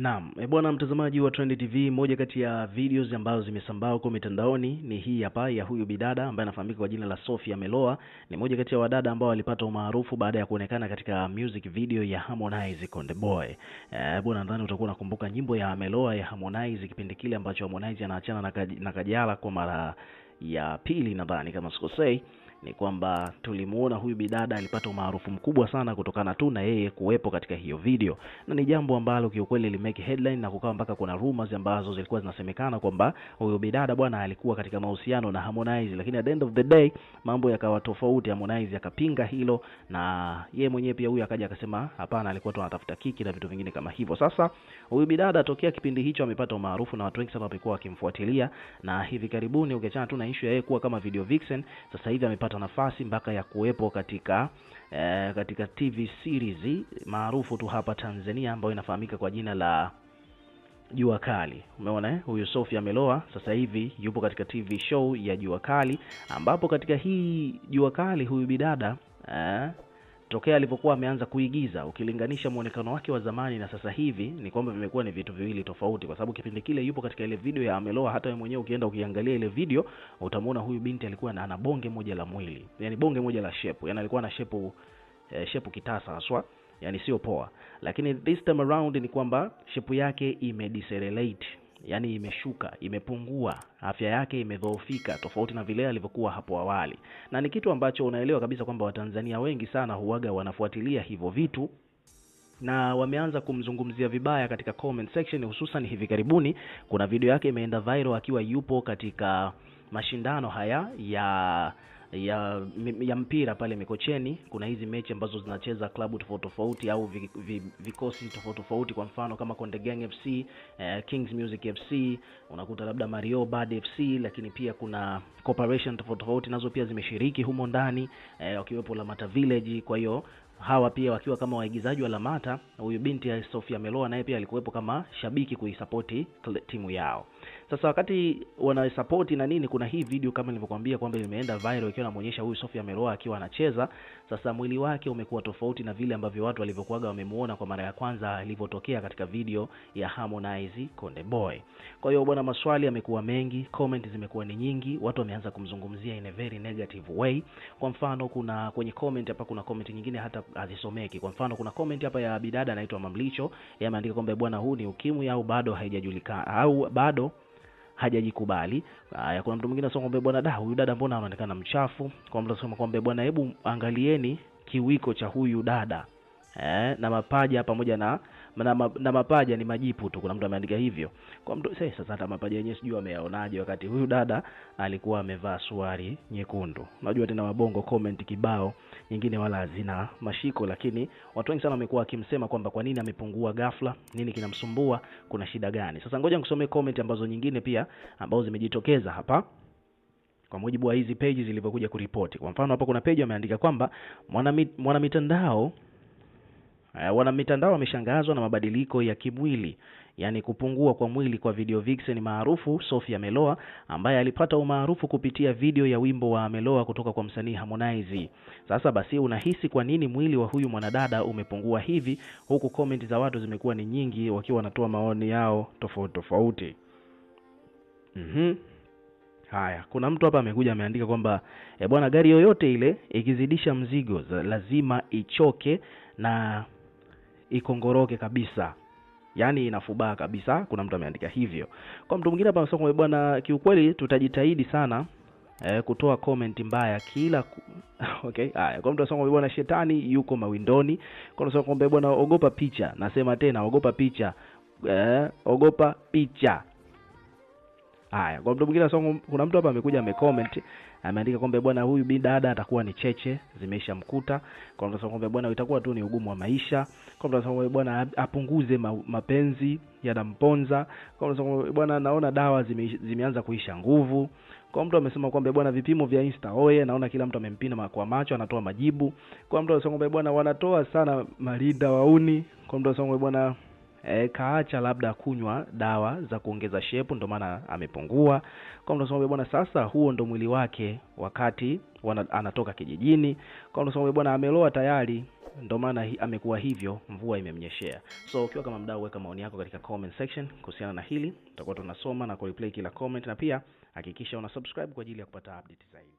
Naam, e bwana mtazamaji wa Trend TV, moja kati ya videos ambazo zimesambaa huko mitandaoni ni hii hapa ya huyu bidada ambaye anafahamika kwa jina la Sofia Meloa. Ni moja kati ya wadada ambao walipata umaarufu baada ya kuonekana katika music video ya Harmonize Konde Boy. E, bwana nadhani utakuwa unakumbuka nyimbo ya Meloa ya Harmonize kipindi kile ambacho Harmonize anaachana na Kajala kwa mara ya pili nadhani kama sikosei ni kwamba tulimuona huyu bidada alipata umaarufu mkubwa sana kutokana tu na yeye kuwepo katika hiyo video, na ni jambo ambalo kiukweli limeke headline na kukawa mpaka kuna rumors ambazo zilikuwa zinasemekana kwamba huyo bidada bwana alikuwa katika mahusiano na Harmonize, lakini at the end of the day mambo yakawa tofauti. Harmonize akapinga hilo, na yeye mwenyewe pia huyu akaja akasema hapana, alikuwa tu anatafuta kiki na vitu vingine kama hivyo. Sasa huyu bidada tokea kipindi hicho amepata umaarufu na watu wengi sana wamekuwa wakimfuatilia, na hivi karibuni ukiachana tu na issue ya yeye kuwa kama video vixen, sasa hivi amepata kupata nafasi mpaka ya kuwepo katika eh, katika TV series maarufu tu hapa Tanzania ambayo inafahamika kwa jina la Jua Kali. Umeona eh? Huyu Sofia ameloa sasa hivi yupo katika TV show ya Jua Kali ambapo katika hii Jua Kali huyu bidada eh, tokea alivyokuwa ameanza kuigiza. Ukilinganisha mwonekano wake wa zamani na sasa hivi, ni kwamba vimekuwa ni vitu viwili tofauti, kwa sababu kipindi kile yupo katika ile video ya ameloa. Hata wewe mwenyewe ukienda ukiangalia ile video utamwona huyu binti alikuwa na ana bonge moja la mwili, yani bonge moja la shepu, yani alikuwa na shepu eh, shepu kitasa haswa, yani sio poa. Lakini this time around ni kwamba shepu yake imedecelerate yani imeshuka, imepungua, afya yake imedhoofika, tofauti na vile alivyokuwa hapo awali, na ni kitu ambacho unaelewa kabisa kwamba Watanzania wengi sana huwaga wanafuatilia hivyo vitu na wameanza kumzungumzia vibaya katika comment section, hususan hivi karibuni kuna video yake imeenda viral akiwa yupo katika mashindano haya ya ya, ya mpira pale Mikocheni. Kuna hizi mechi ambazo zinacheza klabu tofauti tofauti au vikosi tofauti tofauti, kwa mfano kama Konde Gang FC, eh, Kings Music FC, unakuta labda Mario Bad FC, lakini pia kuna corporation tofauti tofauti nazo pia zimeshiriki humo ndani eh, wakiwepo Lamata Village. Kwa hiyo hawa pia wakiwa kama waigizaji wa Lamata. Huyu binti ya Sofia Meloa naye pia alikuwepo kama shabiki kuisapoti timu yao. Sasa wakati wanaisapoti na nini, kuna hii video kama nilivyokuambia kwamba imeenda viral ikiwa inamuonyesha huyu Sofia Meloa akiwa anacheza. Sasa mwili wake umekuwa tofauti na vile ambavyo watu walivyokuaga wamemuona kwa mara ya kwanza alivyotokea katika video ya Harmonize Konde Boy. Kwa hiyo bwana, maswali yamekuwa mengi, comment zimekuwa ni nyingi, watu wameanza kumzungumzia in a very negative way. Kwa mfano, kuna kwenye comment hapa, kuna comment nyingine hata hazisomeki. Kwa mfano, kuna comment hapa ya bidada anaitwa Mamlicho, yeye ameandika kwamba bwana, huu ni ukimwi au bado haijajulikana au bado hajajikubali. Haya, kuna mtu mwingine anasema kwamba bwana, da, huyu dada mbona anaonekana mchafu. Kwa mtu anasema kwamba bwana, hebu angalieni kiwiko cha huyu dada eh, na mapaja pamoja na na, ma, na mapaja ni majipu tu. Kuna mtu ameandika hivyo kwa mtu eh, sasa. Hata mapaja yenyewe sijui ameyaonaje, wakati huyu dada alikuwa amevaa suari nyekundu. Unajua tena wabongo comment kibao, nyingine wala hazina mashiko, lakini watu wengi sana wamekuwa wakimsema kwamba kwa nini amepungua ghafla, nini kinamsumbua, kuna shida gani? Sasa ngoja nikusomee comment ambazo nyingine pia ambazo zimejitokeza hapa kwa mujibu wa hizi page zilivyokuja kuripoti. Kwa mfano hapa kuna page ameandika kwamba mwana Eh, Wanamitandao wameshangazwa na mabadiliko ya kimwili yaani kupungua kwa mwili kwa video vixen maarufu Sophia meloa ambaye alipata umaarufu kupitia video ya wimbo wa meloa kutoka kwa msanii Harmonize. Sasa basi, unahisi kwa nini mwili wa huyu mwanadada umepungua hivi? Huku comment za watu zimekuwa ni nyingi, wakiwa wanatoa maoni yao tofauti tofauti. mm -hmm. Haya, kuna mtu hapa amekuja ameandika kwamba e, bwana, gari yoyote ile ikizidisha mzigo lazima ichoke na ikongoroke kabisa yaani inafubaa kabisa. Kuna mtu ameandika hivyo. Kwa mtu mwingine hapa kwamba bwana, kiukweli tutajitahidi sana eh, kutoa comment mbaya kila ku... okay, haya. Kwa mtu anasema bwana, shetani yuko mawindoni. Kwa mtu anasema bwana, ogopa picha. Nasema tena ogopa picha eh, ogopa picha. Haya, kwa mtu mwingine so, kuna mtu hapa amekuja amecomment ameandika kwamba bwana huyu bi dada atakuwa ni cheche zimeisha mkuta. Kwa mtu so, kwamba bwana itakuwa tu ni ugumu wa maisha. Kwa mtu so, bwana apunguze ma, mapenzi yanamponza. Kwa mtu so, kwamba bwana naona dawa zime, zimeanza kuisha nguvu. Kwa mtu amesema kwamba bwana vipimo vya Insta oye, naona kila mtu amempina kwa macho anatoa majibu. Kwa mtu amesema kwamba bwana wanatoa sana marinda wauni. Kwa mtu amesema kwamba bwana eh, kaacha labda kunywa dawa za kuongeza shepu, ndio maana amepungua. Kwa anasema bwana, sasa huo ndo mwili wake wakati wana, anatoka kijijini. Kwa anasema bwana, ameloa tayari ndio maana hi, amekuwa hivyo, mvua imemnyeshea. So ukiwa kama mdau, weka maoni yako katika comment section kuhusiana na hili, tutakuwa tunasoma na ku kila comment, na pia hakikisha una subscribe kwa ajili ya kupata update zaidi.